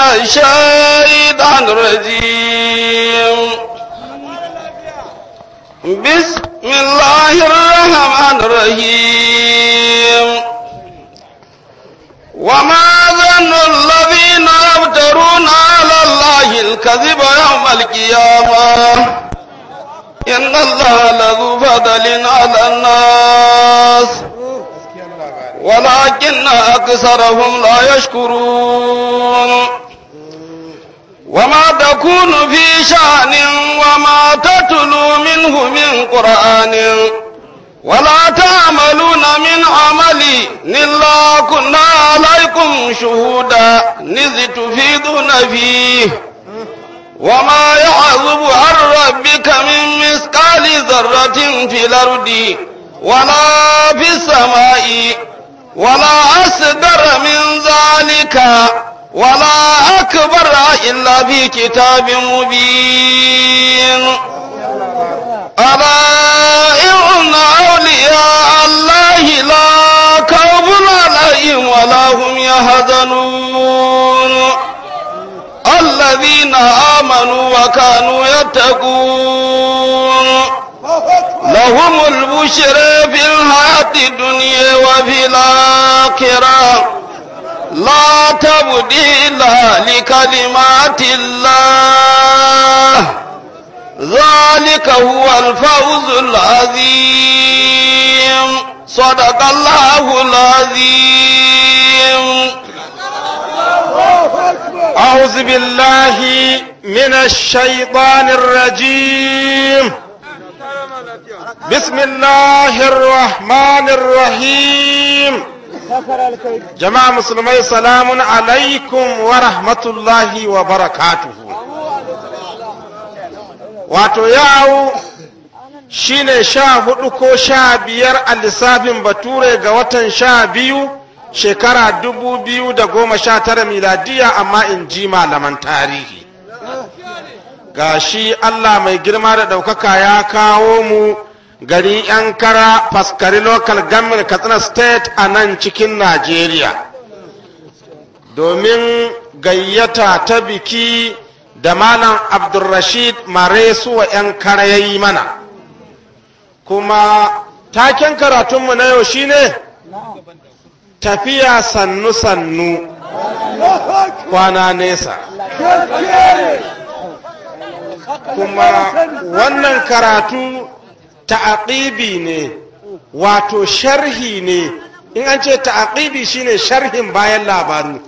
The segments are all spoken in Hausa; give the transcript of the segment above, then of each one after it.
من الشيطان الرجيم بسم الله الرحمن الرحيم وما ظن الذين يفترون على الله الكذب يوم القيامة إن الله لذو فضل على الناس ولكن أكثرهم لا يشكرون وما تكون في شأن وما تتلو منه من قرآن ولا تعملون من عمل إلا كنا عليكم شهودا إذ تفيدون فيه وما يعظب عن ربك من مثقال ذرة في الأرض ولا في السماء ولا أصدر من ذلك ولا أكبر إلا في كتاب مبين ألا إن أولياء الله لا كوب عليهم ولا هم يهدنون الذين آمنوا وكانوا يتقون لهم البشرى في الحياة الدنيا وفي الآخرة لا تبديل لكلمات الله ذلك هو الفوز العظيم صدق الله العظيم أعوذ بالله من الشيطان الرجيم بسم الله الرحمن الرحيم jama'a musulmai salamun alaikum wa rahmatullahi wa barakatuhu wato yau shine sha hudu ko sha biyar a lissafin bature ga watan sha biyu shekara dubu biyu da goma sha tara miladiya amma in ji malaman tarihi ga shi allah mai girma da ɗaukaka ya kawo mu gari yankara faskari local government katsina state a nan cikin najeriya domin gayyata ta biki da malam abdulrashid maresuwa yan kara ya yi mana kuma taken karatunmu na yau shine tafiya sannu-sannu kwana nesa kuma wannan karatu ta'aqibi ne wato sharhi ne in an ce ta'aqibi shine sharhin bayan labaru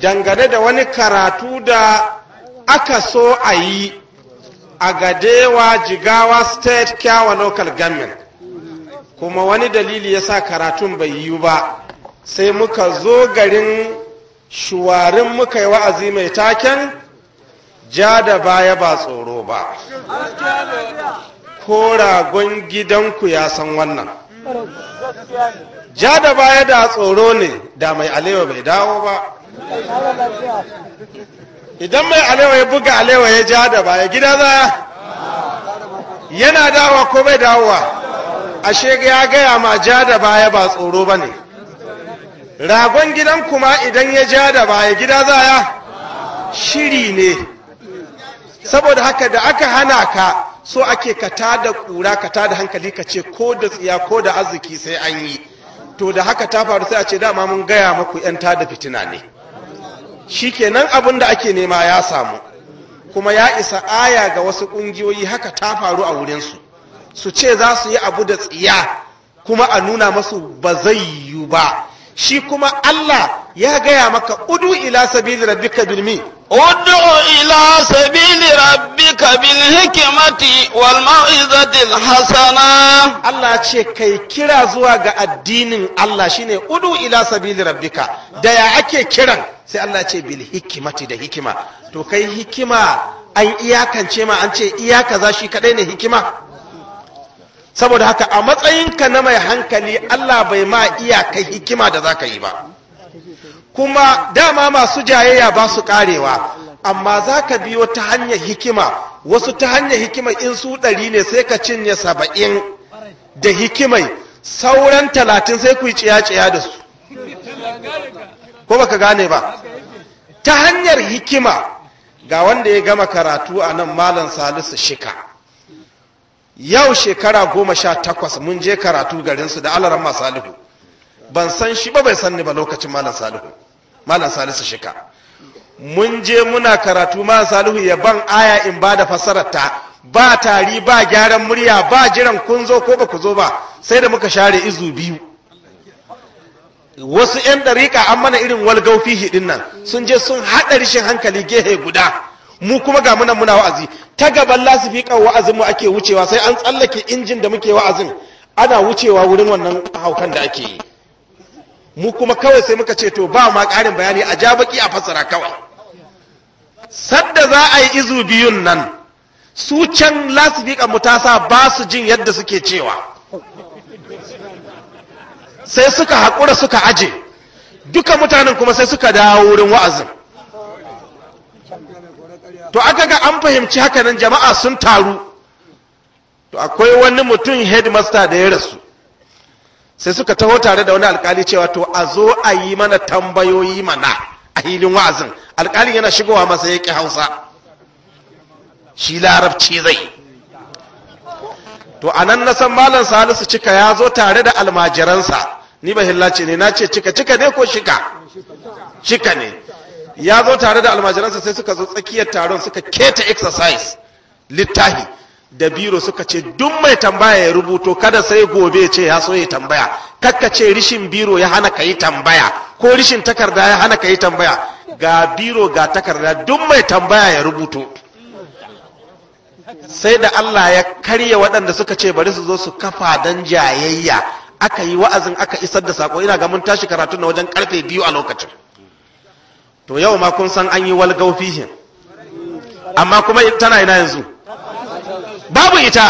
dangane da wani karatu da aka so a yi a gadewa jigawa state kyawa local government kuma wani dalili sa karatun bai yi ba sai muka zo garin shuwarin muka yi wa'azi mai taken ja da baya ba tsoro ba ko ragon gidanku ya san wannan ja da baya da tsoro ne da mai alewa bai dawo ba idan mai alewa ya buga alewa ya ja da baya gida za yana dawa ko bai dawowa ashe ya gaya ma ja da baya ba tsoro ba ne ragon gidan kuma idan ya ja da baya gida za shiri ne saboda haka da aka hana ka so ake ka tada ƙura, ka tada hankali ka ce ko da tsiya ko da arziki sai an yi to da haka ta faru sai a ce dama mun gaya maku yan tada fitina ne shikenan abin da ake nema ya samu kuma ya isa aya ga wasu ƙungiyoyi, haka ta faru a wurinsu su ce za su yi abu da tsiya kuma a nuna masu ba zai yiwu ba shi kuma Allah ya gaya maka udu ila sabili rabbika bil mi udu ila sabili rabbika bil hikmati wal mau'izati hasana Allah ce kai kira zuwa ga addinin Allah shine udu ila sabili rabbika da ya ake kiran sai Allah ce bil hikmati da hikima to kai hikima an iyakance ma an ce iyaka za shi kadai ne hikima saboda haka a matsayinka na mai hankali Allah bai ma iya kai hikima da za ka yi ba kuma dama masu jayayya ba su karewa amma za ka biyo ta hanyar hikima wasu ta hanyar hikima in su ɗari ne sai ka cinye saba'in da hikimai sauran talatin sai ku yi ciya-ciya da su ko baka gane ba ta hanyar hikima ga wanda ya gama karatu a nan malam salisu shika yau shekara goma sha takwas mun je karatu garinsu da alaran salihu ban san shi ba bai san ni ba lokacin malam salihu malam salisu shika mun je muna karatu malam salihu ya ban aya in ba da fasararta ba tari ba gyaran murya ba jiran kun zo ko ba ku zo ba sai da muka share izu biyu wasu 'yan dariƙa an mana irin walgaufi hidin nan sun je sun haɗa rishin hankali gehe guda mu kuma ga muna muna wa'azi ta gaban lasifikan wa'azin mu ake wucewa sai an tsallake injin da muke wa'azin ana wucewa wurin wannan haukan da ake yi mu kuma kawai sai muka ce to ba ma karin bayani a ja a fassara kawai sadda za a yi izu biyun nan su can lasifikan mu ta sa ba su jin yadda suke cewa sai suka haƙura suka aje duka mutanen kuma sai suka dawo wurin wa'azin to aka ga an fahimci haka nan jama'a sun taru to akwai wani mutum headmaster da ya rasu sai suka taho tare da wani alkali cewa to a zo a yi mana tambayoyi mana a hilin wa'azin alkalin yana shigowa masa ya ƙi hausa shi larabci zai to a nan na san malam salisu cika ya zo tare da almajiransa ni ba hillaci ne na ce cika cika ne ko shika shika ne ya zo tare da almajiransa sai suka zo tsakiyar taron suka keta exercise littafi da biro suka ce duk mai tambaya ya rubuto kada sai gobe ce ya so ya tambaya kakka ce rishin biro ya hana ka yi tambaya ko rishin takarda ya hana ka yi tambaya ga biro ga takarda duk mai tambaya ya rubuto sai da Allah ya karya waɗanda suka ce bari su zo su kafa don jayayya aka yi wa'azin aka isar da sako ina ga mun tashi karatu na wajen karfe biyu a lokacin to yau ma kun san an yi walgau fihin amma kuma tana ina yanzu babu ita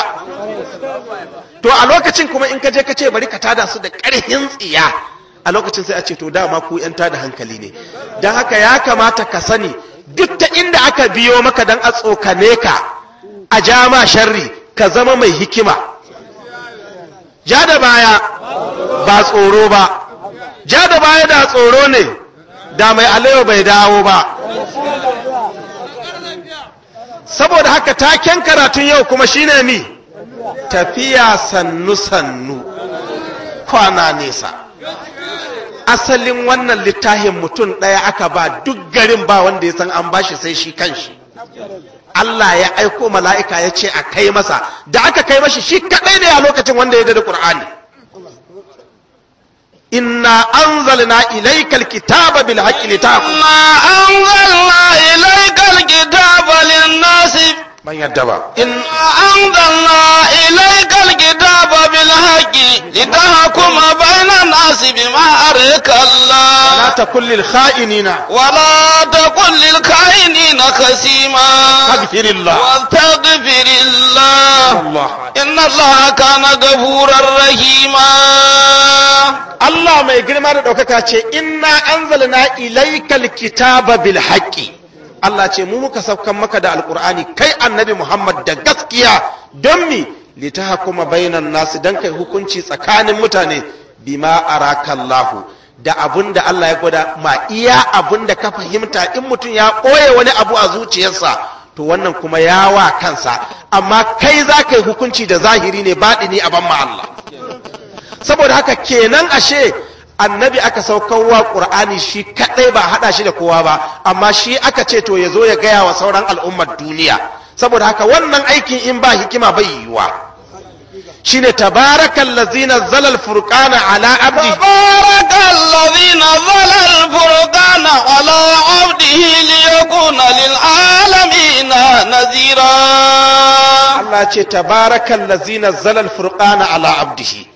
to a lokacin kuma in ka je ka bari ka tada su da ƙarhin tsiya a lokacin sai a ce to dama ku yan tada hankali ne don haka ya kamata ka sani duk ta inda aka biyo maka don a tsokane ka a jama sharri ka zama mai hikima ja da baya ba tsoro ba ja da baya da tsoro ne da mai alewa bai dawo ba saboda haka taken karatun yau kuma shine ni tafiya sannu-sannu kwana nesa asalin wannan littafin mutum ɗaya aka ba duk garin ba wanda ya san an bashi sai shi kanshi Allah ya aiko mala'ika ya ce a kai masa da aka kai mashi shi kaɗai ne a lokacin wanda ya da Qur'ani. إنا أنزلنا إليك الكتاب بالحق لتحكم إنا أنزلنا إليك الكتاب للناس من يدبر إن أنزلنا إليك الكتاب بالحق لتحكم بين الناس بما أريك الله ولا تكن للخائنين ولا تكن للخائنين خسيما أغفر الله واستغفر الله إن الله كان غفورا رحيما الله ما يجري ما دوكاكا ce inna anzalna ilaykal Allah ce mu muka saukan maka da alkur'ani kai annabi Muhammad da gaskiya don mi kuma bainan nasu don kai hukunci tsakanin mutane bima arakallahu da abun da Allah ya gwada ma iya abun da ka fahimta in mutum ya ɓoye wani abu a zuciyarsa to wannan kuma ya wa kansa amma kai za ka yi hukunci da zahiri ne baɗini a ban ma Allah saboda haka kenan ashe annabi aka saukarwa qur'ani shi kaɗai ba haɗa shi da kowa ba amma shi aka ce to ya zo ya gaya wa sauran al'ummar duniya saboda haka wannan aikin in ba hikima bai yiwuwa ne tabarakan ladzina zalal furkana ala abdi Tabarakan ladzina zalal furkana ala abdihi liyakuna lil alamin nazira Allah ce tabarakal ladzina zalal furkana ala abdihi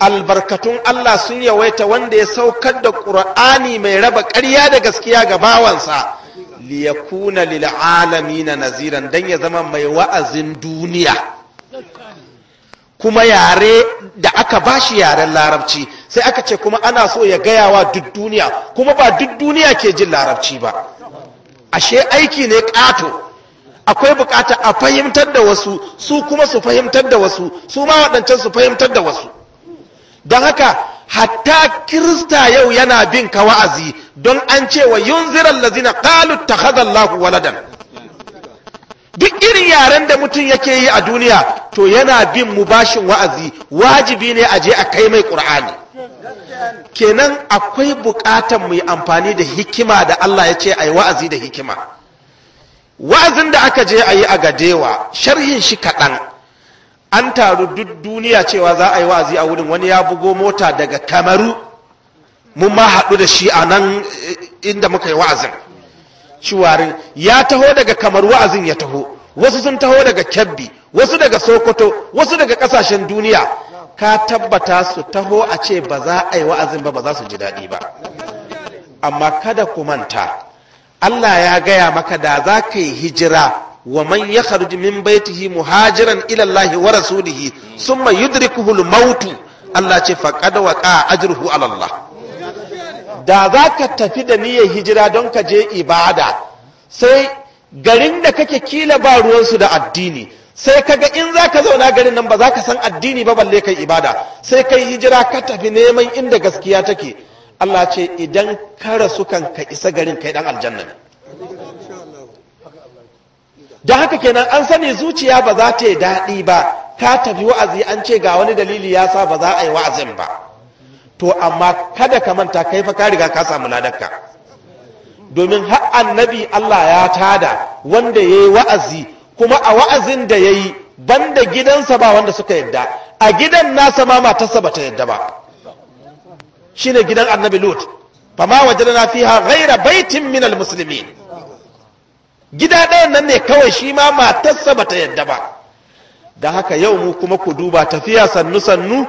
albarkatun Allah sun yawaita wanda ya saukar da ƙur'ani mai raba ƙarya da gaskiya ga bawansa liyakuna na naziran don ya zama mai wa'azin duniya kuma yare da aka bashi yaren larabci sai aka ce kuma ana so ya gaya wa duk duniya kuma ba duk duniya ke jin larabci ba ashe aiki ne ƙato akwai bukata a fahimtar da wasu su kuma su fahimtar da wasu su ma waɗancan su fahimtar da wasu don haka hatta kirista yau yana bin ka wa'azi don an ce wa ziran lazina qalu takhadallahu waladan duk irin yaren da mutum yake yi a duniya to yana bin mubashin wa'azi wajibi ne a je a kai mai ƙur'ani kenan akwai buƙatar mu yi amfani da hikima da Allah ya ce a yi wa'azi da hikima wa'azin da aka je a yi a gadewa sharhin shi kaɗan an taru duk duniya cewa za a yi wa'azi a wurin wani ya bugo mota daga kamaru mun ma haɗu da shi a nan eh, inda muka yi wa'azin ciwarin ya taho daga kamaru wa'azin ya taho wasu sun taho daga kebbi wasu daga sokoto wasu daga ƙasashen duniya ka tabbata su taho a ce ba za a yi wa'azin ba ba za su ji daɗi ba amma kada ku manta Allah ya gaya maka da za ka yi hijira wa man yakhruj min baitihi muhajiran ila Allah wa rasulihi thumma yudrikuhu al Allah ce faqad waqa ajruhu ala Allah da zaka tafi da niyyar hijira don ka je ibada sai garin da kake kila ba ruwansu da addini sai kaga in zaka zauna garin nan ba zaka san addini ba balle kai ibada sai kai hijira ka tafi neman inda gaskiya take Allah ce idan ka rasu kanka ka isa garin kai dan aljanna da haka kenan an sani zuciya ba za ta yi daɗi ba ka tafi wa'azi an ce ga wani dalili ya sa ba za a yi wa'azin ba to amma kada ka manta kai fa ka riga ka samu ladarka domin har annabi Allah ya tada wanda ya yi wa'azi kuma a wa'azin da ya yi banda gidansa ba wanda suka yadda a gidan nasa ma matarsa ba ta yadda ba shine gidan annabi lut fama wajadna fiha ghaira baitin minal muslimin gida ɗayan nan ne kawai shi ma matarsa ba ta yadda ba da haka yau mu kuma ku duba tafiya sannu sannu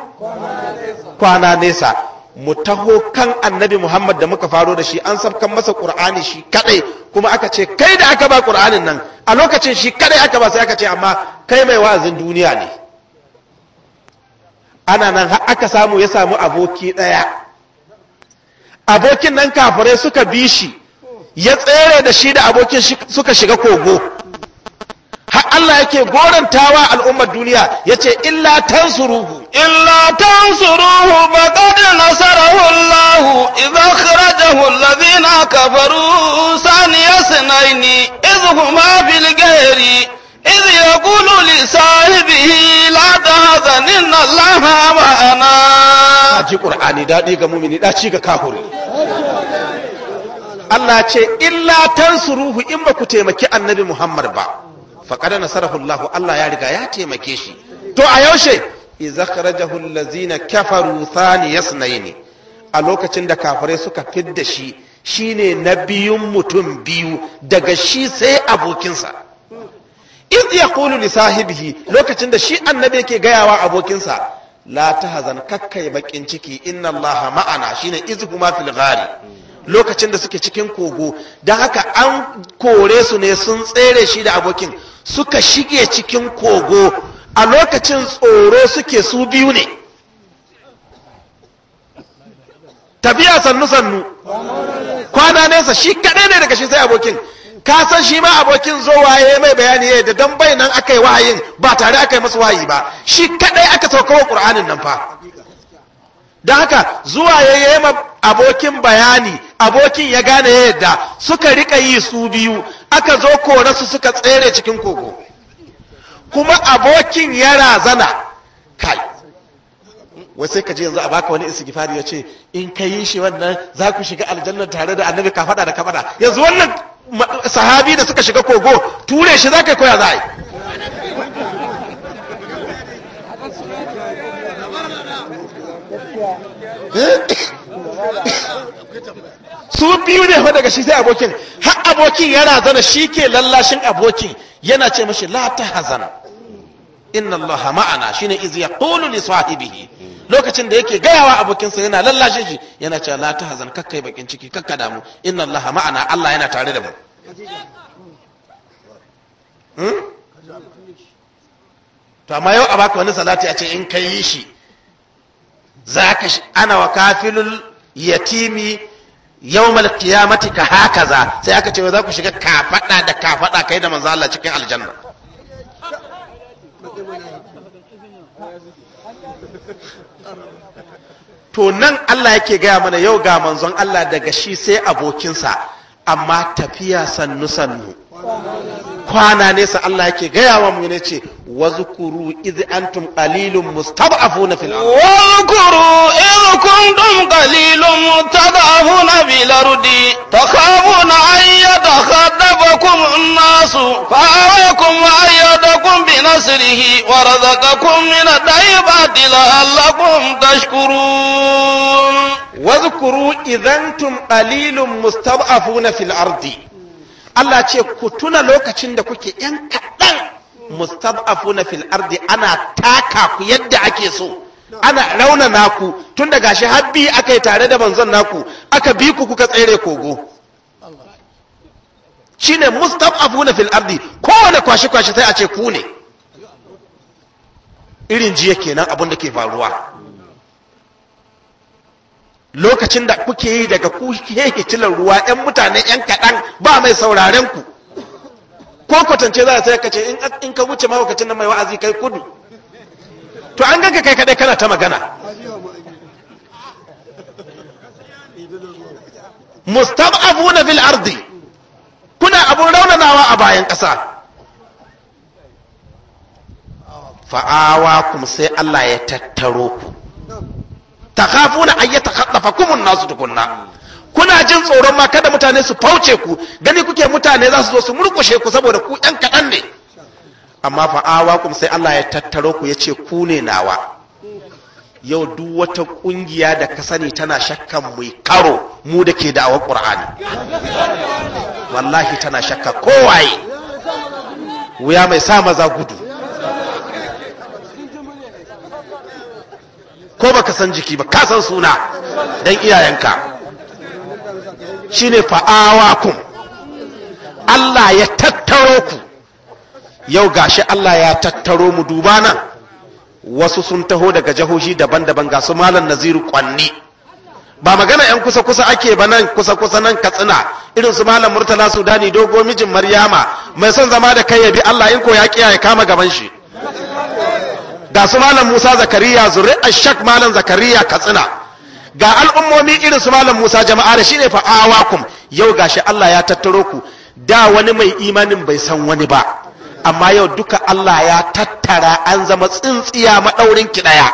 kwana nesa mu taho kan annabi muhammad da muka faro da shi an sabkan masa ƙur'ani shi kadai kuma aka ce kai da aka ba ƙur'anin nan a lokacin shi kadai aka ba sai aka ce amma kai mai wa'azin duniya ne ana nan aka samu ya samu aboki ɗaya abokin nan kafirai suka bi shi ya tsere da shi da abokin suka shiga kogo har Allah yake gorantawa al'ummar duniya yace illa tansuruhu illa tansuruhu faqad nasarahu Allah idha kharajahu alladhina kafaru saniya sanaini idhuma fil ghairi idh yaqulu li sahibihi la tahzan inna Allah ma'ana ji qur'ani dadi ga mu'mini daci ga kafiri Allah ce illa ruhu in ba ku taimaki annabi Muhammad ba faqad nasarahu Allah Allah ya riga ya taimake shi to a yaushe idza kharajahu allazina kafaru thaniyasnayn a lokacin da kafirai suka fidda shi shine na biyun mutum biyu daga shi sai abokinsa iz yaqulu li sahibihi lokacin da shi annabi yake gayawa abokinsa la tahzan kakkai bakin ciki inna allaha ma'ana shine izhuma fil ghari lokacin da suke cikin kogo da haka an kore su ne sun tsere shi da abokin suka shige cikin kogo a lokacin tsoro suke su biyu ne tafiya sannu-sannu kwana nesa shi kaɗai ne daga shi sai abokin ka san shi ma abokin zo waye mai bayani da dan bai nan aka yi wahayin ba tare aka yi masu wahayi ba shi kaɗai aka saukawa ƙur'anin nan fa don haka zuwa ya yi abokin bayani abokin ya gane ya yadda suka rika yi su biyu aka zo su suka tsere cikin kogo kuma abokin ya razana kai wai sai ka je yanzu a baka wani istighfari ya ce in ka yi shi wannan za ku shiga aljanna tare da annabi ka faɗa da ka faɗa yanzu wannan sahabi da suka shiga kogo ture shi za ka koya za a su biyu ne fa daga shi sai abokin har abokin yana zana shi ke lallashin abokin yana ce mashi la ta hazana inna Allah ma'ana shine iz yaqulu li sahibihi lokacin da yake gayawa abokinsa yana lallashe shi yana cewa la ta hazan kakkai bakin ciki kakka damu inna Allah ma'ana Allah yana tare da mu hmm? to amma yau a baka wani salati a ce in ka yi shi zaka ana wa kafilul yatimi Yau yawmal mati ka za sai aka ce za ku shiga kafada da kafada kai da manzo cikin aljanna to nan Allah yake gaya mana yau ga manzon Allah daga shi sai abokinsa amma tafiya sannu sannu kwana nesa Allah yake gaya wa mu ne ce واذكروا إذ أنتم قليل مستضعفون في الأرض واذكروا إذ كنتم قليل مستضعفون في الأرض تخافون أن يتخطفكم الناس فأراكم وأيدكم بنصره ورزقكم من الطيبات لعلكم تشكرون واذكروا إذ أنتم قليل مستضعفون في الأرض Allah ce ku tuna lokacin da kuke kaɗan mustad'afuna fil ardi ana taka ku yadda ake so ana rauna naku tun da gashi habbi aka yi tare da manzon naku aka bi ku kuka tsere kogo shine mustad'afuna fil ardi kowane kwashe-kwashe sai a ce ku ne irin jiya kenan abin da ke faruwa lokacin da kuke yi daga ku cilar ruwa 'yan mutane 'yan kaɗan ba mai sauraren ku ko kwatance za a sai ka ce in ka wuce mahaukacin nan mai wa'azi kai kudu to an ganka kai kadai kana ta magana mustab'abuna bil ardi kuna abun raunanawa a bayan ƙasa fa'awa kuma sai Allah ya tattaro ku ta kafuna ayyata haɗafa kumun nasu tukunna kuna jin tsoron ma kada mutane su fauce ku gani kuke mutane za su zo su murkushe ku saboda ku ɗan kaɗan ne amma fa fa'awa kuma sai Allah ya tattaro ku ya ce ku ne nawa yau duk wata ƙungiya da ka sani tana shakkan mai karo mu da ke da'awar ƙur'ani wallahi tana shakka kowaye wuya mai sa maza gudu ko baka san jiki ba ka san suna dan iyayenka shine fa'awakum Allah ya tattaro ku yau gashi Allah ya tattaro mu duba nan wasu sun taho daga jahohi daban-daban ga su malam naziru kwanni ba magana yan kusa-kusa ake ba nan kusa-kusa nan katsina irin su malam murtala sudani dogo mijin maryama mai son zama da kai ya bi allah in ko ya kiya ya kama gaban shi ga su malam musa zakariya zuri shak malam zakariya katsina ga al'ummomi irin su malam Musa jama'a da shine fa awakum yau gashi Allah ya tattaro ku da wani mai imanin bai san wani ba amma yau duka Allah ya tattara an zama tsintsiya maɗaurin ki daya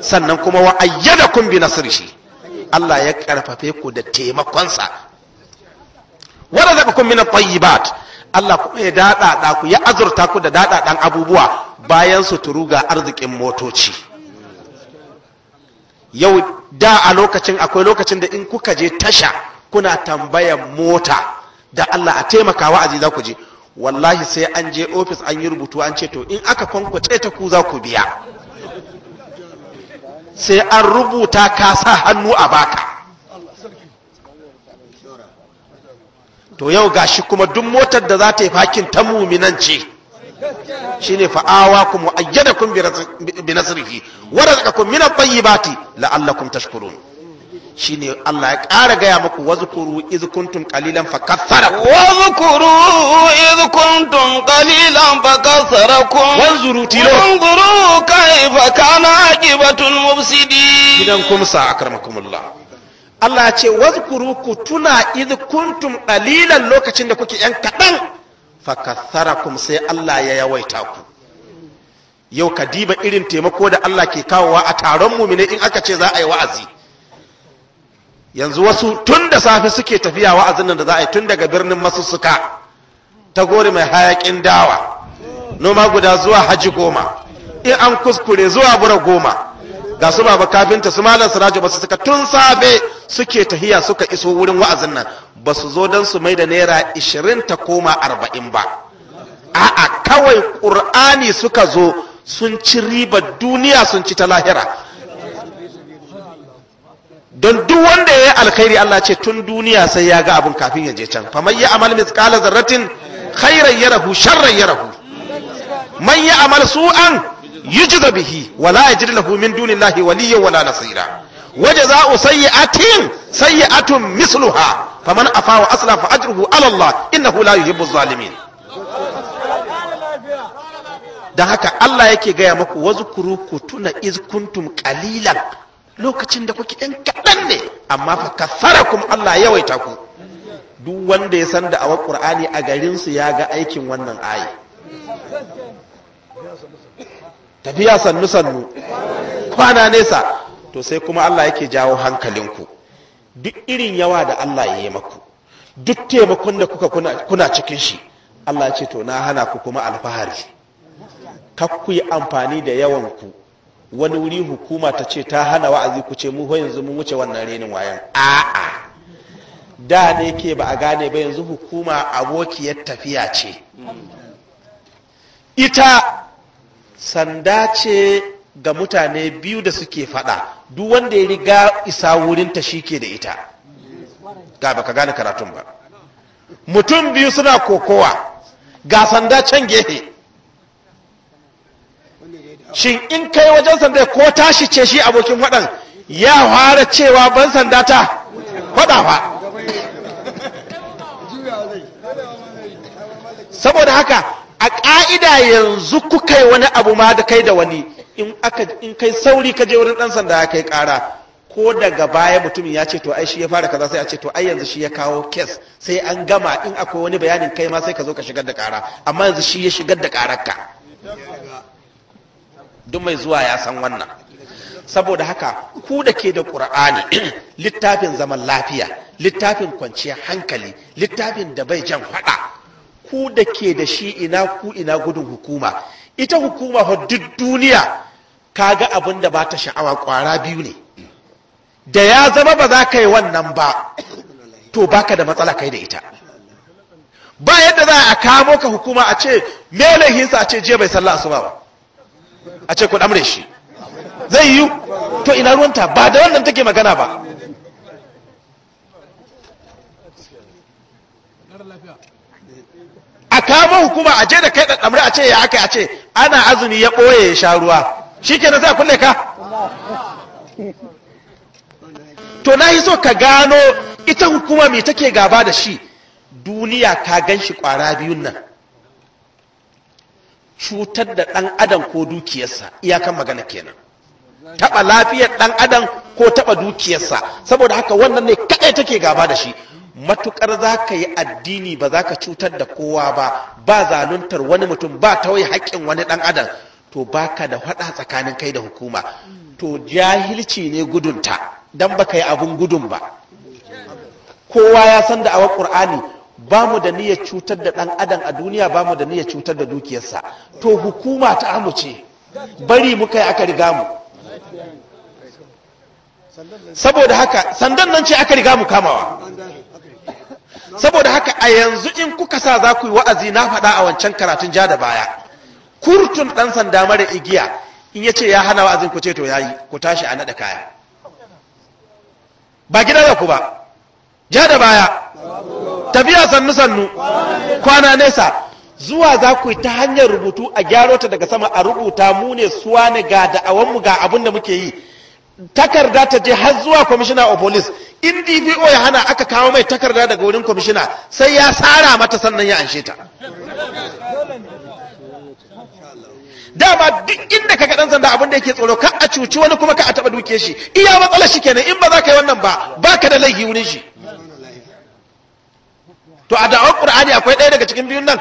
sannan kuma wa ayyadakum bi nasrihi Allah ya karfafe ku da taimakonsa wala zabakum min at-tayyibat Allah kuma ya dada ku ya azurta ku da daɗaɗan abubuwa bayan suturu ga arzikin motoci yau da a lokacin akwai lokacin da in kuka je tasha kuna tambayan mota da Allah a taimaka wa'azi za ku je wallahi sai an je ofis an yi rubutu an ce to in aka kwankwace ta ku za ku biya sai an rubuta ka sa hannu a baka to yau gashi kuma duk motar da za ta yi fakin ta muminan ce shine fa kuma wa kun bi nasrihi wa razaqakum min at-tayyibati la'allakum tashkurun shine Allah ya ƙara gaya muku zukuru iz kuntum qalilan wa zukuru iz kuntum qalilan wa zuru tilo zuru kaifa kana aqibatul mufsidin idan kum sa akramakumullah Allah ya ce wazkuru ku tuna iz kuntum qalilan lokacin da kuke yan kadan fakatharakum sai Allah ya yawaita ku yau ka diba irin taimako da Allah ke kawowa a taron mumine in aka ce za a yi wa'azi yanzu wasu tun da safe suke tafiya wa'azin nan da za a yi tun daga birnin masussuka ta gori mai hayakin dawa noma guda zuwa haji goma in an kuskure zuwa bura goma ga su baba kafinta su malam sirajo ba su suka tun safe suke tahiya suka iso wurin wa'azin nan ba su zo don su mai da naira ishirin ta koma arba'in ba a'a kawai ƙur'ani suka zo sun ci riba duniya sun ci ta lahira don duk wanda ya yi alkhairi Allah ce tun duniya sai ya ga abin kafin ya je can faman ya amal mithqala zarratin khairan rahu sharran rahu man ya amal su'an yujza bihi wala yajid lahu min lahi waliyyan wala nasira Waje atin, sayi atun misluha faman afa wa asla fa ajruhu ala Allah innahu la yuhibbu haka Allah yake gaya maku wasu ku tuna iz kuntum lokacin da kuke ɗan kaɗan ne amma fa kasara kuma Allah yawaita ku duk wanda ya san da awar ƙur'ani a garinsu ya ga aikin wannan ayi tafiya sannu sannu kwana nesa to sai kuma Allah yake jawo hankalinku duk irin yawa da Allah ya yi maku duk taimakon da kuka kuna cikin shi Allah ce to na hana ku kuma alfahari kak ku yi amfani da yawan ku wani wuri hukuma ta ce ta hana wa'azi ku ce mu yanzu mu wuce wannan renin wayan a'a da ne ke ba a gane ba yanzu hukuma abokiyar tafiya ce ita sanda ce ga mutane biyu da suke fada duk wanda ya riga isa wurinta shi ke da ita ga baka gane karatun ba mutum biyu suna kokowa ga sanda can gehe shin in kai wajen sanda ko tashi ce shi abokin waɗan ya fara cewa ban sanda ta faɗa fa saboda haka a ƙa'ida yanzu kuka yi wani abu ma da kai da wani in aka in kai sauri ka je wurin dan sanda ya kai kara ko daga baya mutumin ya ce to ai shi ya fara kaza sai a ce to ai yanzu shi ya kawo kes sai an gama in akwai wani bayanin kai ma sai ka zo ka shigar da kara amma yanzu shi ya shigar da ka duk mai zuwa ya san wannan saboda haka ku da ke da qur'ani littafin zaman lafiya littafin kwanciyar hankali littafin da bai jan faɗa ku da ke da shi ina ku ina gudun hukuma ita hukuma fa duk duniya ka ga abin da ba ta sha'awa ƙwara biyu ne da ya zama ba za ka yi wannan ba to baka da matsala kai da ita ba yadda za a kamo ka hukuma a ce melehinsa a ce je bai sallah asuba ba a ce ku damre shi zai yi to ina ruwanta ba da wannan take magana ba a kamo hukuma a je da kai da a ce ya aka a ce ana azumi ya ɓoye ya sha ruwa shi kenan sai a kulle ka to na yi so ka gano ita hukuma mai take gaba da shi duniya ka gan shi kwara biyun nan cutar da ɗan adam ko dukiyarsa iyakan magana kenan taɓa lafiyar ɗan adam ko taɓa dukiyarsa saboda haka wannan ne kadai take gaba da shi matukar za ka yi addini ba za ka cutar da kowa ba ba zaluntar wani mutum ba ta wai haƙƙin wani ɗan adam to baka da hada tsakanin kai da hukuma to jahilci ne gudunta dan baka yi abun gudun ba kowa ya san da awar qur'ani ba mu da niyyar cutar da dan adam a duniya ba mu da niyyar cutar da dukiyarsa to hukuma ta amuce bari mu kai aka riga mu saboda haka sandan nan ce aka riga mu kamawa saboda haka a yanzu in kuka sa za ku yi wa'azi na faɗa a wancan karatun ja da baya kurtun ɗan sanda mara igiya in ya ce ya hana wa'azin ku ce to yayi ku tashi a nada kaya ba gida da ku ba ja da baya tafiya sannu sannu kwana nesa zuwa za ku ta hanyar rubutu a gyaro ta daga sama a rubuta mu ne suwa ne ga mu ga abin da muke yi takarda ta je har zuwa kwamishina of police in dpo ya hana aka kawo mai takarda daga wurin kwamishina sai ya tsara mata sannan ya anshe ta dama duk inda ka ɗan sanda abin da yake tsoro ka a cuci wani kuma ka a taɓa duke shi iya matsalar shi kenan in ba za ka yi wannan ba ba ka da laifi wurin shi to a da'awar qur'ani akwai ɗaya daga cikin biyun nan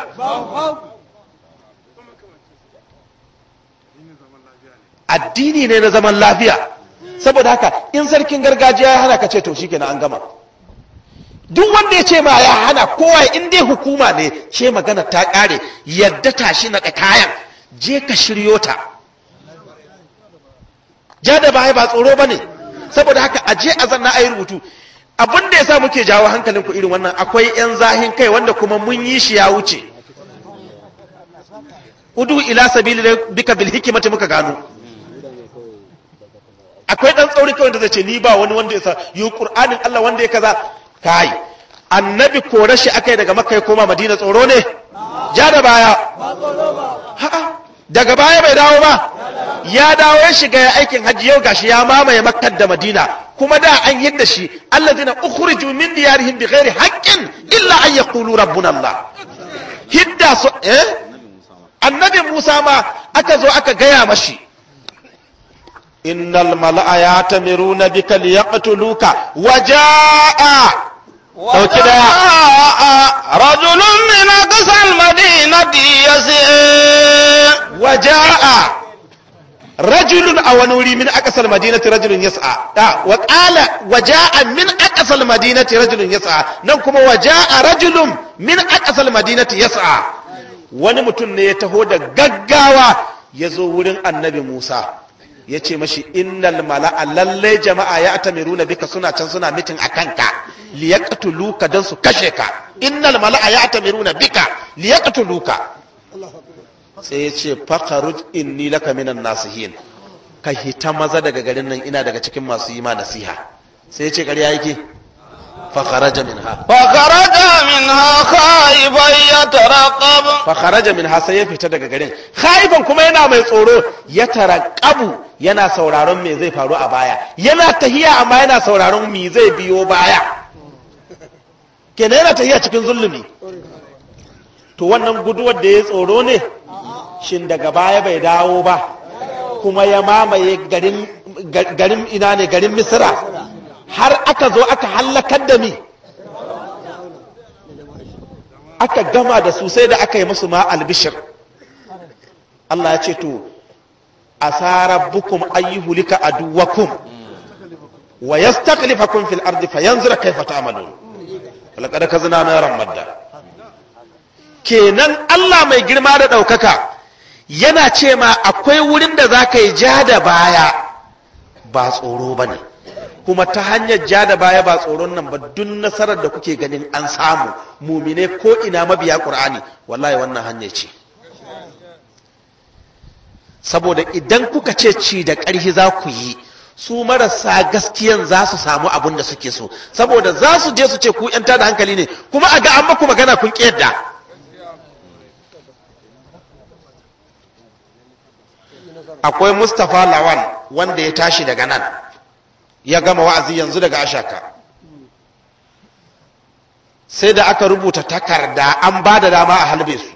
addini ne na zaman lafiya saboda haka in sarkin gargajiya ya hana ka ce to kenan an gama duk wanda ya ce ma ya hana kowa in dai hukuma ne ce magana ta kare yadda tashi na kayan je ka shiryo ta ja da baya ba tsoro ba ne saboda haka a je a zanna a yi rubutu abin da ya sa muke jawo hankalin ku irin wannan akwai 'yan zahin kai wanda kuma mun yi shi ya wuce udu ila sabili bika bil hikimati muka gano akwai dan tsauri kawai da zai ce ni ba wani wanda ya sa yi qur'anin Allah wanda ya kaza kai annabi ko shi akai daga makka ya koma madina tsoro ne ja da baya ha'a daga baya bai dawo ba ya dawo ya shiga ya aikin haji yau gashi ya mamaye makkar da madina kuma da an yadda shi alladina ukhriju min diyarihim bighairi haqqin illa an yaqulu rabbuna allah hidda so eh annabi musa ma aka zo aka gaya mashi innal mala'a yatamiruna bika liyaqtuluka waja'a dauki daya rajulun min aqsal madinati yasir wa jaa rajulun a wani wuri min akasal madinati rajulun yas'a da wa qala wa jaa min akasal madinati rajulun yas'a nan kuma wa jaa rajulun min akasal madinati yas'a wani mutum ne ya taho da gaggawa ya zo wurin annabi Musa ya ce mashi innal mala'a lallai jama'a ya atamiruna bika suna can suna mitin a kanka liyakatu luka dan su kashe ka innal mala'a ya atamiruna bika liyakatu luka. sai ya ce fakaruj inni laka minan nasihin ka hita maza daga garin nan ina daga cikin masu yi ma nasiha sai ya ce ƙarya yake fakaraja minha fakaraja minha khaiban yataraqab fakaraja ha sai ya fita daga garin khaiban kuma yana mai tsoro ya yataraqabu yana sauraron me zai faru a baya yana tahiya amma yana sauraron me zai biyo baya kenan yana tahiya cikin zulumi to wannan guduwar da ya tsoro ne shin daga baya bai dawo ba kuma ya mamaye garin ina ne garin misira har aka zo aka hallakar da mi aka gama da su sai da aka yi musu ma albishir Allah ya ce to asara bukum ayyuhulika aduwakum wa yastaklifakum fil ardi fayanzura kaifa ta'malun laqad kazna naran madda kenan Allah mai girma da ɗaukaka yana ce ma akwai wurin da za ka yi ja da baya ba tsoro ba ne kuma ta hanyar ja da baya ba tsoron nan ba duk nasarar da kuke ganin an samu mumine ko ina mabiya ƙur'ani wallahi wannan hanya ce saboda idan kuka ce ci da ƙarfi za ku yi su marasa gaskiyan za su samu abin da suke so saboda za su je su ce ku 'yan da hankali ne kuma a ga an maku magana kun ƙi yadda akwai mustapha lawan wanda ya tashi daga nan ya gama wa'azi yanzu daga ashaka sai da aka rubuta takarda an ba da dama a halbe su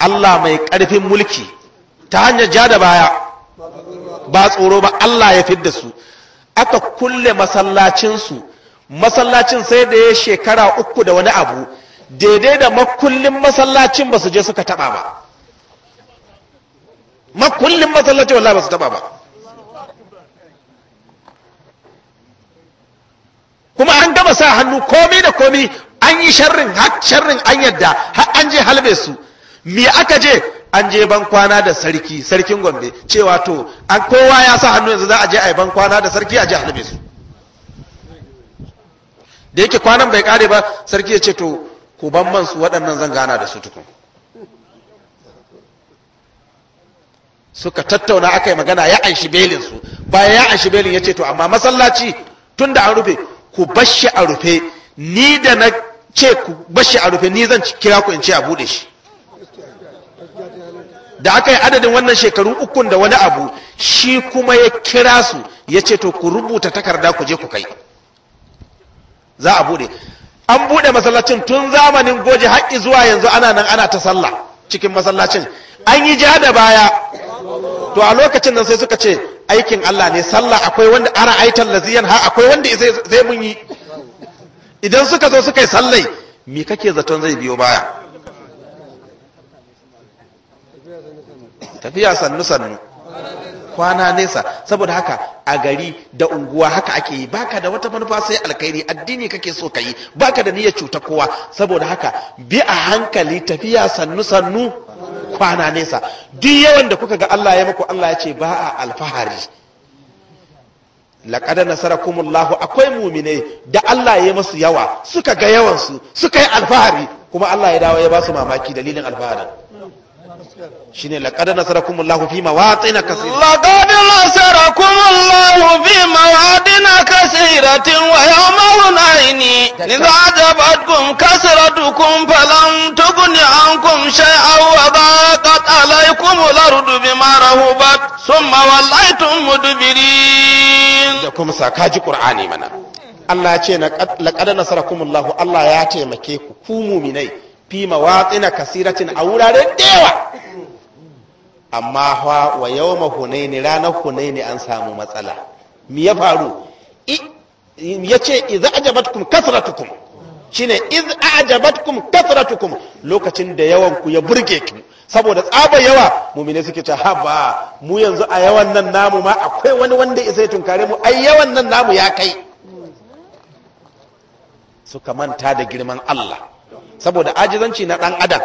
allah mai ƙarfin mulki ta hanyar ja da baya ba tsoro ba allah ya fidda su aka kulle masallacinsu masallacin sai da ya shekara uku da wani abu daidai da makullin masallacin ba su je suka taba ba makullin masallacin wallahi ba su taba ba kuma an gama sa hannu komi da komi an yi sharrin har sharrin an yadda har an je halbe su me aka je an je ban kwana da sarki sarkin gombe cewa to an kowa ya sa hannu yanzu za a je a yi ban kwana da sarki a je halbe su da yake kwanan bai kare ba sarki ya ce to ku ban man su waɗannan zan gana da su tukun suka tattauna aka yi magana ya anshi belin su bayan ya anshi belin ya ce to amma masallaci tun da an rufe ku bashi a rufe ni da na ce ku bashi a rufe ni zan kira ku in ce a buɗe shi da aka yi adadin wannan shekaru ukun da wani abu shi kuma ya kira su ya ce to ku rubuta takarda ku je ku kai za a buɗe an buɗe masallacin tun zamanin goje haƙƙi zuwa yanzu ana nan ana ta sallah cikin masallacin an yi ja da baya to a lokacin nan sai suka ce aikin Allah ne sallah akwai wanda ara aitan laziyan ha akwai wanda zai mun yi idan suka zo suka yi sallai me kake zaton zai biyo baya tafiya sannu sannu kwana nesa saboda haka a gari da unguwa haka ake yi baka da wata manufa sai alkhairi addini kake so ka yi baka da niyyar cuta kowa saboda haka bi a hankali tafiya sannu sannu kwana nesa duk yawan da kuka ga Allah ya muku Allah ya ce ba a alfahari laƙad nasarakumullahu akwai muminai da Allah ya masu yawa suka ga yawansu suka yi alfahari kuma Allah ya dawo ya ba su mamaki dalilin alfaharin shine laqad Allahu fi mawatin kaseera laqad Allahu fi mawatin kaseera wa yawma hunaini idh ajabatkum kasratukum falam tughni ankum shay'an wa daqat alaykum al-ardu bima rahubat thumma wallaytum mudbirin da kuma sakaji qur'ani mana Allah ya ce laqad Allahu Allah ya taimake ku ku muminai fi mawaƙina kasiracin a wuraren dewa amma fa wa yawma hunaini ranar hunaini an samu matsala me ya faru ya ce iz ajabatkum kasratukum shine iz ajabatkum kasratukum lokacin da yawan ku ya burge ki. saboda tsaba yawa mumine suke ta haba mu yanzu a yawan nan namu ma akwai wani wanda isa ya tunkare mu ai yawan nan namu ya kai suka manta da girman Allah saboda ajizanci na dan adam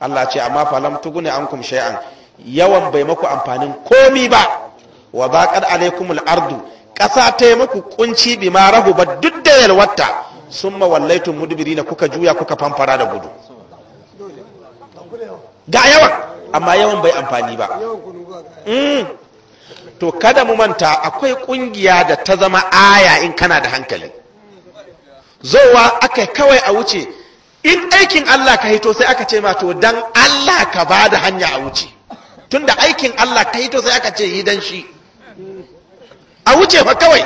Allah ce amma falam an ankum shay'an yawan bai maku amfanin komi ba wa zaqad alaikumul ardu ƙasa ta yi maku kunci bi ma rahu ba duk da yalwata summa wallaitun mudbirina kuka juya kuka fanfara da gudu ga yawan amma yawan bai amfani ba mm. to kada mu manta akwai kungiya da ta zama aya in kana da hankali zowa aka kawai a wuce in aikin Allah ka hito sai aka ce ma to dan Allah ka ba da hanya a wuce tunda aikin Allah ka hito sai aka ce yi dan shi a wuce fa kawai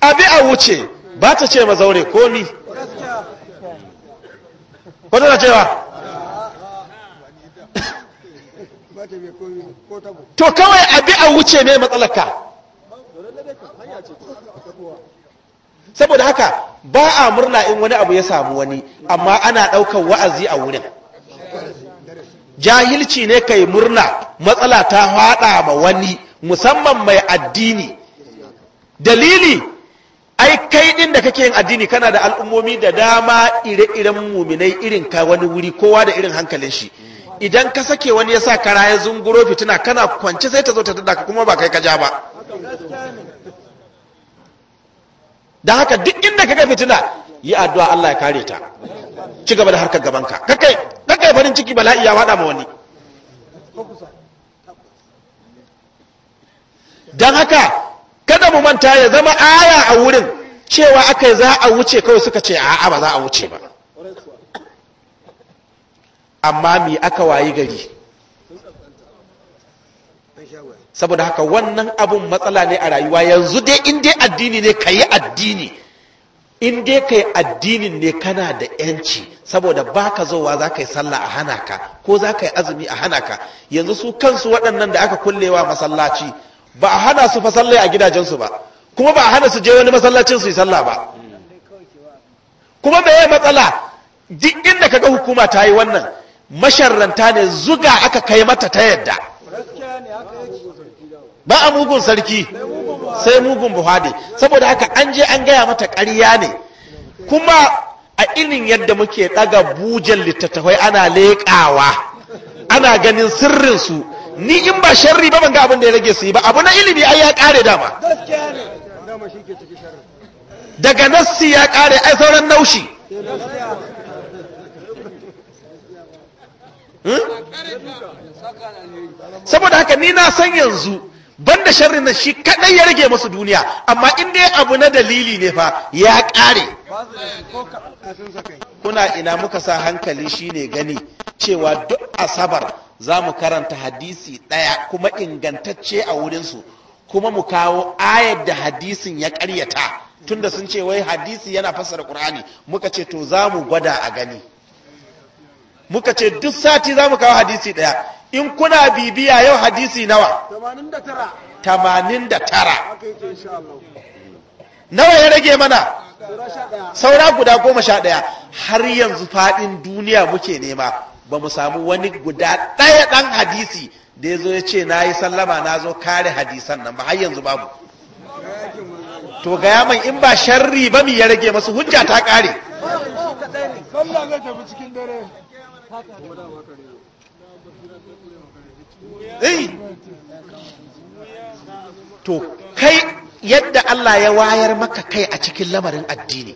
abi a wuce ba ta ce mazaure ko ni ko tana cewa to kawai abi a wuce me matsalaka. saboda haka ba a murna in wani abu ya samu wani amma ana ɗaukar wa'azi a wurin jahilci ne kai murna matsala ta haɗa ma wani musamman mai addini dalili ai kai ɗin da kake yin addini kana da al'ummomi da dama ire-iren muminai irin ka wani wuri kowa da irin hankalin shi idan ka sake wani ya sa kara ya zunguro fitina kana kwance sai ta zo ta daɗa kuma ba kai ka ja ba don haka duk inda ka ga fitina yi addu'a Allah ya kare ta ci gaba da harkar gabanka Ka kakai farin ciki bala'i ya wada ma wani don haka kada mu manta ya zama aya a wurin cewa aka za a wuce kawai suka ce a'a ba za a wuce ba amma mi aka wayi gari saboda haka wannan abun matsala ne a rayuwa yanzu dai in dai addini ne ka yi addini in dai ka yi addinin ne kana da yanci saboda ba ka zowa za ka yi sallah a hana ka ko za ka yi azumi a hana ka yanzu su kansu waɗannan da aka kullewa masallaci ba a hana su fa sallah a gidajensu ba kuma ba a hana su je wani masallacin su yi sallah ba kuma me matsala duk inda ka ga hukuma ta yi wannan masharranta ne zuga aka kai mata ta yadda ba a mugun sarki sai mugun buhari saboda haka an je an gaya mata ƙarya ne kuma a ilin yadda muke ɗaga bujan littattafai ana leƙawa ana ganin sirrinsu ni in ba sharri ba ban ga abin da ya rage su yi ba abu na ilimi ai ya ƙare dama daga nassi ya ƙare ai sauran naushi hmm? saboda haka ni na san yanzu banda sharrin nan shi kadai ya rage musu duniya amma in dai abu na dalili ne fa ya kare kuna ina muka sa hankali shine gani cewa duk asabar za mu karanta hadisi ɗaya kuma ingantacce a wurinsu kuma mu kawo ayar da hadisin ya karyata. tunda sun ce wai hadisi yana fassara qur'ani muka ce to za mu gwada a gani muka ce duk sati za mu kawo hadisi ɗaya in kuna bibiya yau hadisi nawa 89 nawa ya rage mana saura guda goma sha ɗaya har yanzu faɗin duniya muke nema ba mu samu wani guda ɗaya ɗan hadisi da ya zo ya ce na yi sallama na zo kare hadisan nan ba har yanzu babu to gaya man in ba sharri ba mi ya rage masu hujja ta ƙare eh to kai yadda Allah ya wayar maka kai a cikin lamarin addini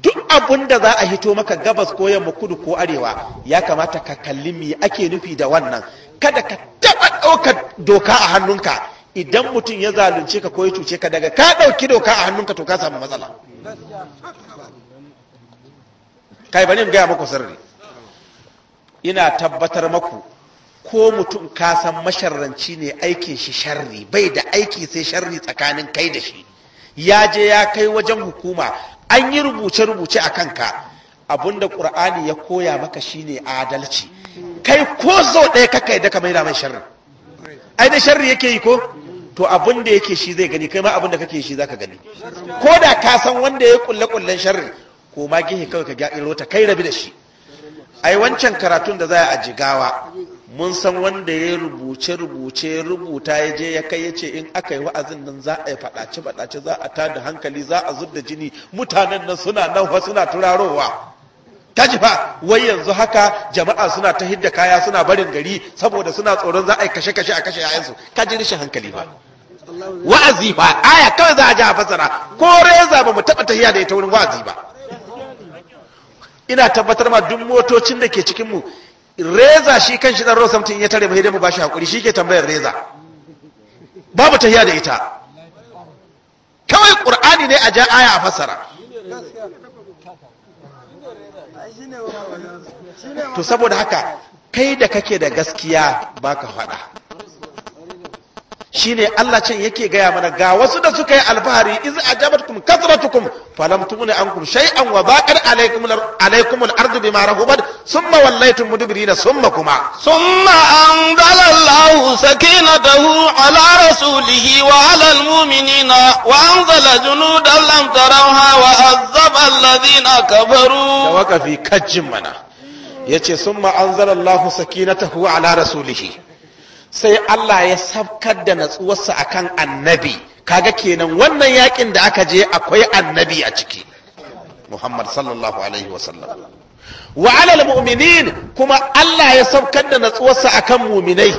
duk abun da za a hito maka gabas ko yamma kudu ko arewa ya kamata ka kalli me ake nufi da wannan kada ka taba ɗaukar doka a hannunka idan mutum ya zalunce ka ko ya cuce ka daga ka ɗauki doka a hannunka to ka samu matsala kai bari mu gaya muku sirri ina tabbatar maku ko mutum ka san masharranci ne aikin shi sharri bai da aiki sai sharri tsakanin kai da shi ya je ya kai wajen hukuma an yi rubuce-rubuce a kanka abinda ƙur'ani ya koya maka shine adalci kai ko zau ɗaya kaka yadda da ka maida mai sharri ai da sharri yake yi ko to abin da yake shi zai gani kai ma abin da kake shi zaka gani ko da ka san wanda ya kulle kullen sharri ko ma gihe kawai ka gyaro ta kai rabi da shi ai wancan karatun da za a jigawa mun san wanda ya rubuce rubuce rubuta ya je ya kai ya ce in aka yi wa'azin nan za a yi faɗace faɗace za a tada hankali za a zub da jini mutanen nan suna nan fa suna turarowa ji fa wai yanzu haka jama'a suna ta hidda kaya suna barin gari saboda suna tsoron za a yi kashe kashe a kashe yayansu Ka ji rishin hankali ba wa'azi ba aya kawai za a ji a fasara ko reza ba mu taɓa tahiya da ita wurin wa'azi ba ina tabbatar ma duk motocin da ke cikin mu reza shi kan shi dan rosa ya tare mu dai bashi hakuri shi ke tambayar reza babu tahiya da ita kawai qur'ani ne a ja aya a fassara to saboda haka kai da kake da gaskiya baka faɗa shine Allah can yake gaya mana ga wasu da suka yi alfahari iz ajabatkum kathratukum falam tumuna ankum shay'an wa baqar alaykum alaykum al-ardu bima rahubat summa wallaytum mudbirina summa kuma summa anzala Allahu sakinatahu ala rasulihi wa ala al-mu'minina wa anzala junudan lam tarawha wa azzaba alladhina kafaru tawaqafi kajjin mana yace summa anzala Allahu sakinatahu ala rasulihi sai Allah ya sabkar da natsuwarsa akan annabi kaga kenan wannan yakin da aka je akwai annabi a ciki Muhammad sallallahu alaihi wasallam wa alal mu'minin kuma Allah ya sabkar da natsuwarsa akan muminai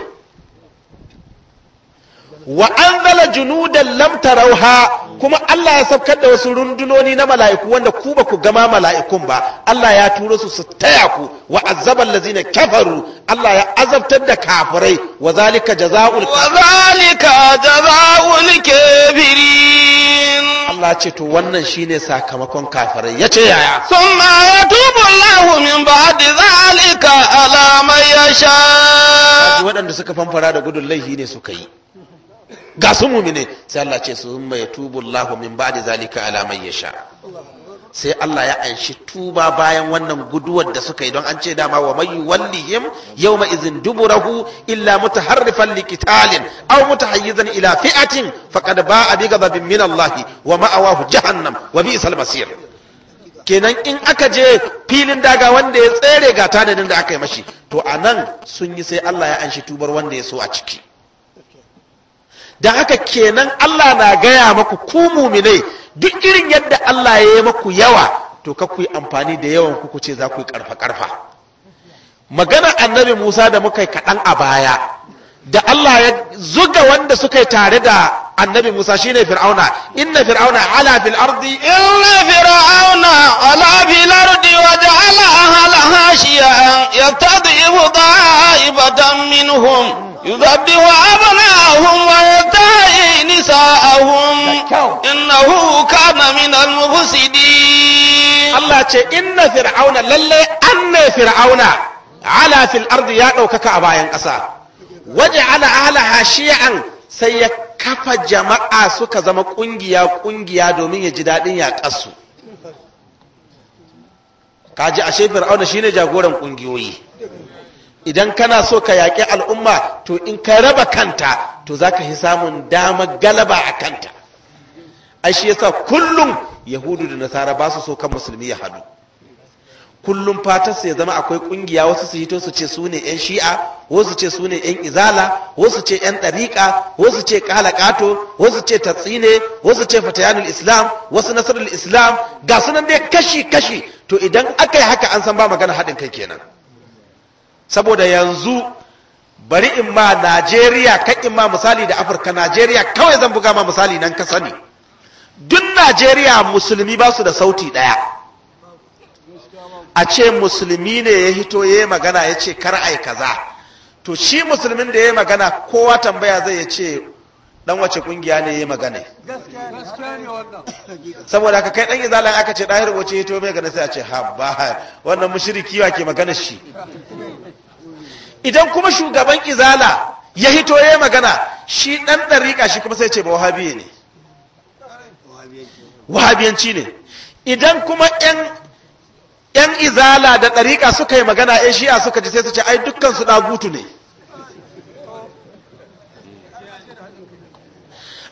wa anzala junudan lam tarauha kuma Allah ya saukar da wasu rundunoni na mala'iku wanda ku ba ku gama mala'ikun ba Allah ya turo su su taya ku wa azabal lazina kafaru Allah ya azabtar da kafirai wa zalika jazaul wa zalika jazaul kafirin Allah ce to wannan shine sakamakon kafirai yace yaya summa yatubu Allahu min ba'di zalika ala man yasha waɗanda suka fanfara da gudun laifi ne suka yi ga su mumine sai Allah ce su mai tubu Allah min da zalika alamai ya sha sai Allah ya anshi tuba bayan wannan guduwar da suka yi don an ce dama wa mai wallihim ma izin duburahu illa mutaharrifan mutu aw mutahayyizan ila fi'atin faqad ba'a bi ghadabin min Allah wa ma'awahu jahannam wa bi masir kenan in aka je filin daga wanda ya tsere ga tanadin da aka yi mashi to anan sun yi sai Allah ya anshi tubar wanda ya so a ciki Da haka kenan Allah na gaya maku ku muminai duk irin yadda Allah ya yi maku yawa to ka ku yi amfani da yawan ku ce za ku yi karfa karfa magana annabi Musa da muka yi kaɗan a baya da Allah ya zuga wanda suka yi tare da annabi Musa shine Fir'auna inna Fir'auna ala fil ardi inna Fir'auna ala fil ardi wa ja'ala ahlaha shiyan yatad'ibu da'ibatan minhum يذبح أبناهم ويتعي نساءهم إنه كان من المفسدين Allah ce inna fir'auna lalle anna fir'auna ala fil ardi ya ɗaukaka a bayan ƙasa waje ala ala shi'an sai ya kafa jama'a suka zama ƙungiya ƙungiya domin ya ji daɗin Ka kaji ashe fir'auna shine jagoran ƙungiyoyi idan kana so ka yaƙi al'umma to in ka raba kanta to za ka yi samun dama galaba a kanta ashe yasa kullum yahudu da nasara ba su so kan musulmi ya hadu. kullum su ya zama akwai ƙungiya wasu su hito su ce su ne 'yan shi'a wasu ce su ne 'yan izala wasu ce 'yan ɗariƙa wasu ce ƙato, wasu ce tatsine wasu ce fatayanul islam wasu nasarar islam ga sunan dai kashi kashi to idan aka yi haka an san ba magana haɗin kai kenan saboda yanzu bari in ma najeriya kan in ma misali da afirka najeriya kawai zan buga ma misali nan kasa ne, duk najeriya musulmi ba su da sauti ɗaya a ce musulmi ne ya hito ya yi magana ya ce kar ai kaza to shi musulmin da ya yi magana kowa tambaya zai ce dan wace kungiya ne ya yi magana saboda ka kai dan izalan aka ce ɗahir wace hito mai gana sai ce ha ba wannan mushriki wa ke magana shi idan kuma shugaban izala ya hito ya magana shi dan dariƙa shi kuma sai ce ba wahabiye ne wahabiyanci ne idan kuma yan izala da ɗariƙa suka yi magana ya shi'a suka ji sai su ce ai dukkan su ɗagutu ne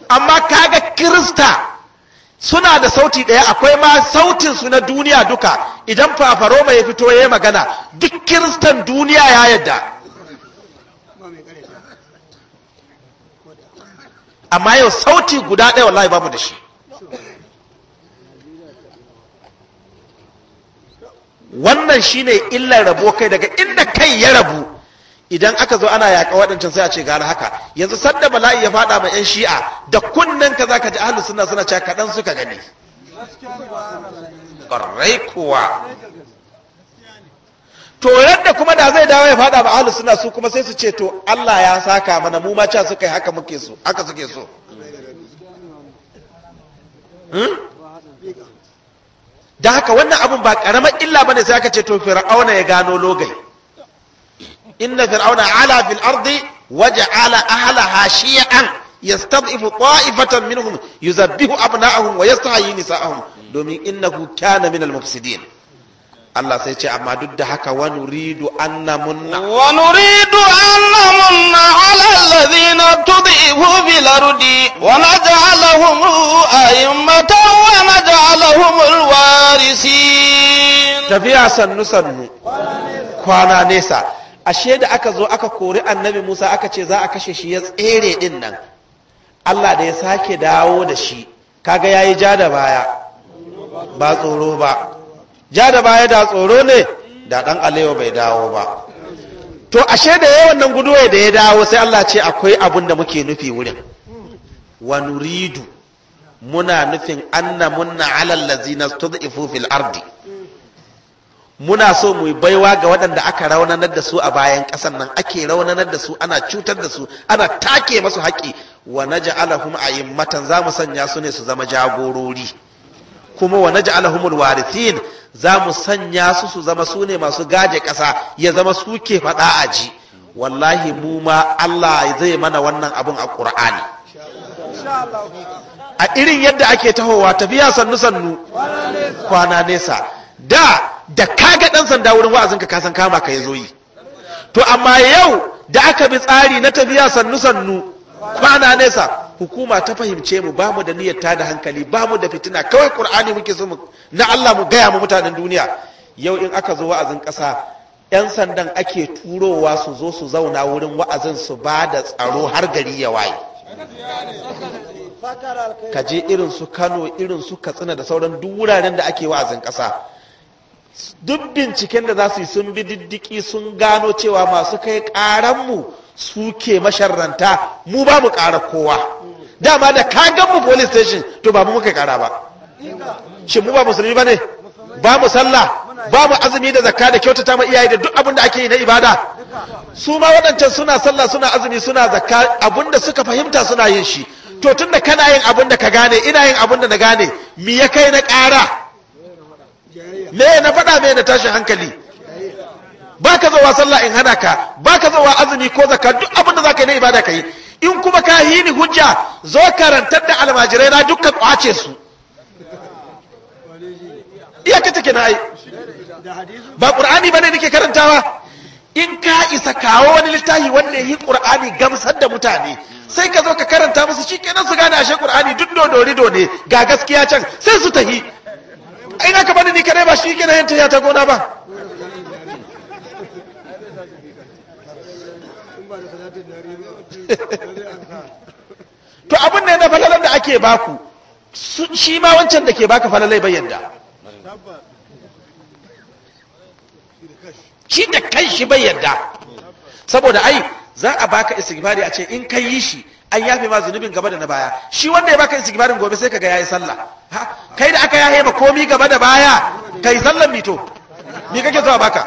amma kaga kirista suna da sauti ɗaya akwai ma sautin su na duniya duka idan fafaroma ya fito ya magana duk kiristan duniya ya yadda amma yau sauti guda ɗaya wallahi babu da shi wannan shine illar rabo kai daga inda kai ya rabu idan aka zo ana yaƙa waɗancan sai a ce gara haka yanzu sadda bala'i ya faɗa ma 'yan shi'a da kunnen ka za ka ji ahlu suna suna cewa kaɗan suka gani ƙwarai kuwa to yadda kuma da zai dawo ya fada ba ahlus sunna su kuma sai su ce to Allah ya saka mana mu ma cha suka yi haka muke so haka suke so hmm? da haka wannan abun ba karamar illa bane sai aka ce to fir'auna ya gano logai inna fir'auna ala fil ardi waja'ala ahlaha shi'an yastad'ifu ta'ifatan minhum yuzabbihu abna'ahum wa yastahyi nisa'ahum domin innahu kana minal mufsidin Allah sai ce amma duk da haka wa nuridu anna munna wa nuridu anna munna ala alladhina tud'ifu fil ardi wa naj'alahum a'immatan wa naj'alahum alwarisin tafiya sannu sannu kwana nesa ashe da aka zo aka kori annabi Musa aka ce za a kashe shi ya tsere din nan Allah da ya sake dawo da shi kaga yayi ja da baya ba tsoro ba ja da baya da tsoro ne da dan alewa bai dawo ba to ashe da yawan nan guduwa da ya dawo sai Allah ce akwai abin da muke nufi wurin wa nuridu muna nufin anna munna ala allazina stud'ifu fil ardi muna so mu yi baiwa ga waɗanda aka raunanar da su a bayan ƙasan nan ake raunanar da su ana cutar da su ana take masu haƙi wa naj'alahum a'immatan za mu sanya su ne su zama jagorori kuma wa naj'aluhumul warithin za mu sanya su su zama su ne masu gaje kasa ya zama su ke faɗa a ji wallahi mu ma Allah zai mana wannan abun a Qur'ani a irin yadda ake tahowa tafiya sannu sannu kwana nesa da da kaga dan sanda wurin wa'azinka ka kasan kama ka yazo yi to amma yau da aka bi tsari na tafiya sannu sannu kwana nesa hukuma ta fahimce mu ba da niyyar da hankali ba da fitina kawai qur'ani muke so na Allah mu gaya mu mutanen duniya yau in aka zo wa'azin ƙasa 'yan sandan ake turowa su zo su zauna wurin wa'azin su ba da tsaro har gari ya waye ka je irin su kano irin su katsina da sauran duk wuraren da ake wa'azin ƙasa duk binciken da za su yi sun bi diddiki sun gano cewa masu kai mu suke masharanta mu ba mu ƙara kowa dama da ka gan mu police station to ba mu muka ƙara ba shi mu ba musulmi ba ne ba mu sallah ba mu azumi da zakka da kyautata ma iyaye da duk abin da ake yi na ibada su ma wadancan suna sallah suna azumi suna zakka abin da suka fahimta suna yin shi to tunda kana yin abin da ka gane ina yin abin da na gane me ya kai na kara me na faɗa me na tashin hankali ba ka zawa sallah in hana ka ba ka zawa azumi ko zaka duk abin da za ka yi na ibada ka yi in kuma ka yi ni hujja zo karantar da almajirai na ka kwace su ka take na ai ba qur'ani bane nake karantawa in ka isa kawo wani littafi wanda yi qur'ani gamsar da mutane sai ka zo ka karanta musu shikenan su gane ashe qur'ani duk dodori dode ga gaskiya can sai su tahi ai ka bani ni kadai ba shikenan ya ta gona ba to abin ne na falalar da ake baku shi ma wancan da ke baka falalai bai yadda shi da kan shi bai yadda saboda ai za a baka istighfari a ce in kai yi shi an yafe ma zunubin gaba da na baya shi wanda ya baka istighfarin gobe sai kaga yayi sallah kai da aka yahe ma komi gaba da baya kai sallan mito ni kake zuwa baka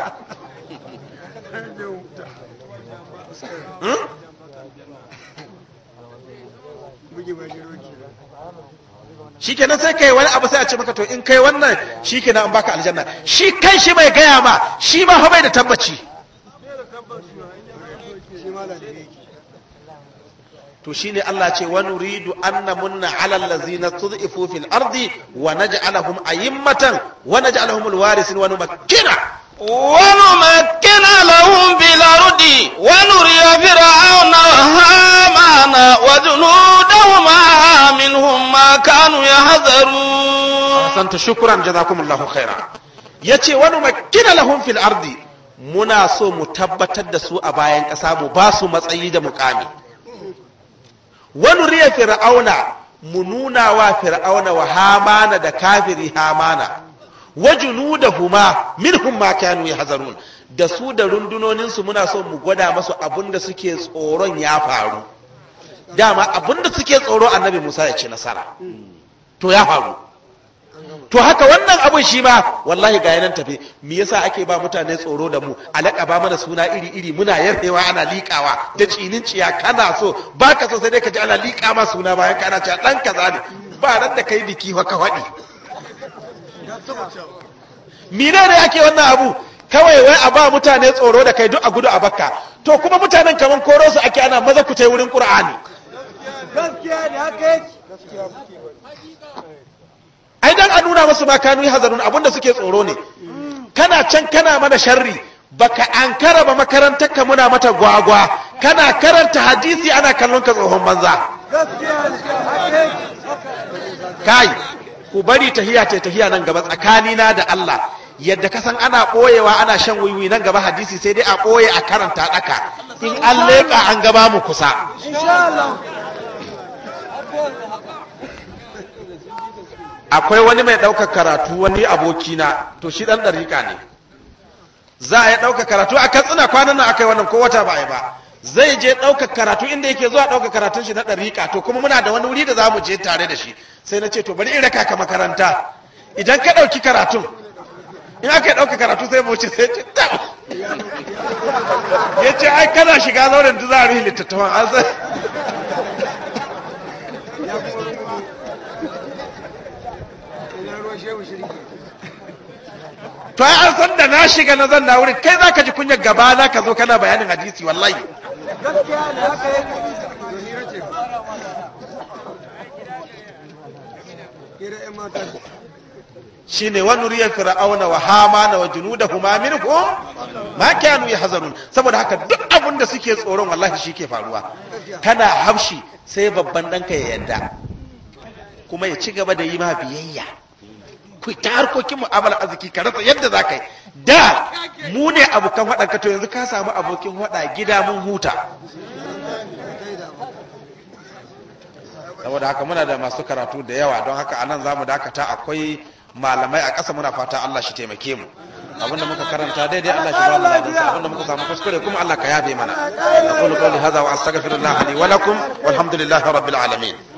shikenan sai kai wani abu sai a ce maka to in kai wannan shikenan an baka aljanna shi kan shi mai gaya ma shi ma fa bai da tabbaci to shine Allah ce wa nuridu anna munna ala allazina tud'ifu fil ardi wa naj'alahum a'immatan wa naj'alahum alwarisin wani numakkina ونمكن لهم في الأرض ونري فرعون وهامان وجنودهما منهم ما كانوا يحذرون أحسنت شكرا جزاكم الله خيرا يتي ونمكن لهم في الأرض منا سو متبتت دسو أباين أسامو باسو مسعيد مقامي ونري فرعون منونا وفرعون وهامان دكافري هامانا. huma junudahuma minhum ma kanu yahzarun da su da rundunoninsu muna son mu gwada masu abinda suke tsoron ya faru dama abinda suke tsoro annabi Musa ya ci nasara to ya faru to haka wannan abin shi ma wallahi ga yanan tafi me yasa ake ba mutane tsoro da mu alaka ba mana suna iri iri muna yarewa ana liƙawa da cinin ciya kana so baka so sai dai ka ji ana liƙa ma suna bayan kana cewa dan kaza ne ba ran da kai biki ba ka faɗi mine ne ake wannan abu kawai wai a ba mutane tsoro da kai duk a gudu a bakka to kuma mutanen kaman koro su ake ana maza ku tai wurin qur'ani gaskiya ai dan a nuna musu ma kanu hazarun abinda suke tsoro ne kana can kana mana sharri baka ankara ba makarantar ka muna mata gwagwa kana karanta hadisi ana kallon ka tsohon banza kai ku bari tahiya ta tahiya nan gaba tsakanina da Allah yadda ka san ana ɓoyewa ana shan wiwi nan gaba hadisi sai dai a ɓoye a karanta ɗaka in an leƙa an gaba mu kusa akwai wani mai ɗaukar karatu wani abokina to shi ɗan ɗarika ne za a yi ɗaukar karatu a katsina kwanan nan aka yi wannan ko wata ba a ba zai je ɗaukar karatu inda yake zuwa ɗaukar karatun shi na ɗariƙa to kuma muna da wani wuri da za mu je tare da shi sai na ce to bari in raka ka makaranta idan ka ɗauki karatun in aka ɗauka karatu sai mu wuce sai ce ya ce ai kana shiga zauren da za a rufe littattafan an san to ai an san da na shiga na zan na wurin kai za ka ji kunyar gaba za ka zo kana bayanin hadisi wallahi gaskiya ne haka shine wa nuriya fir'auna wa hamana wa junudahuma minhum ma kanu yahzarun saboda haka duk abin da suke tsoron wallahi shi ke faruwa kana haushi sai babban danka ya yadda kuma ya ci gaba da yi ma biyayya ku ta harkokin mu'amala arziki ka rasa yadda za ka yi da mu ne abokan haɗan ka yanzu ka samu abokin haɗa gida mun huta saboda haka muna da masu karatu da yawa don haka anan za mu dakata akwai malamai a ƙasa muna fata Allah shi taimake mu abinda muka karanta daidai Allah shi ba mu abinda muka samu kuskure kuma Allah ka yabe mana aqulu qawli hadha wa astaghfirullah li wa lakum walhamdulillahi rabbil alamin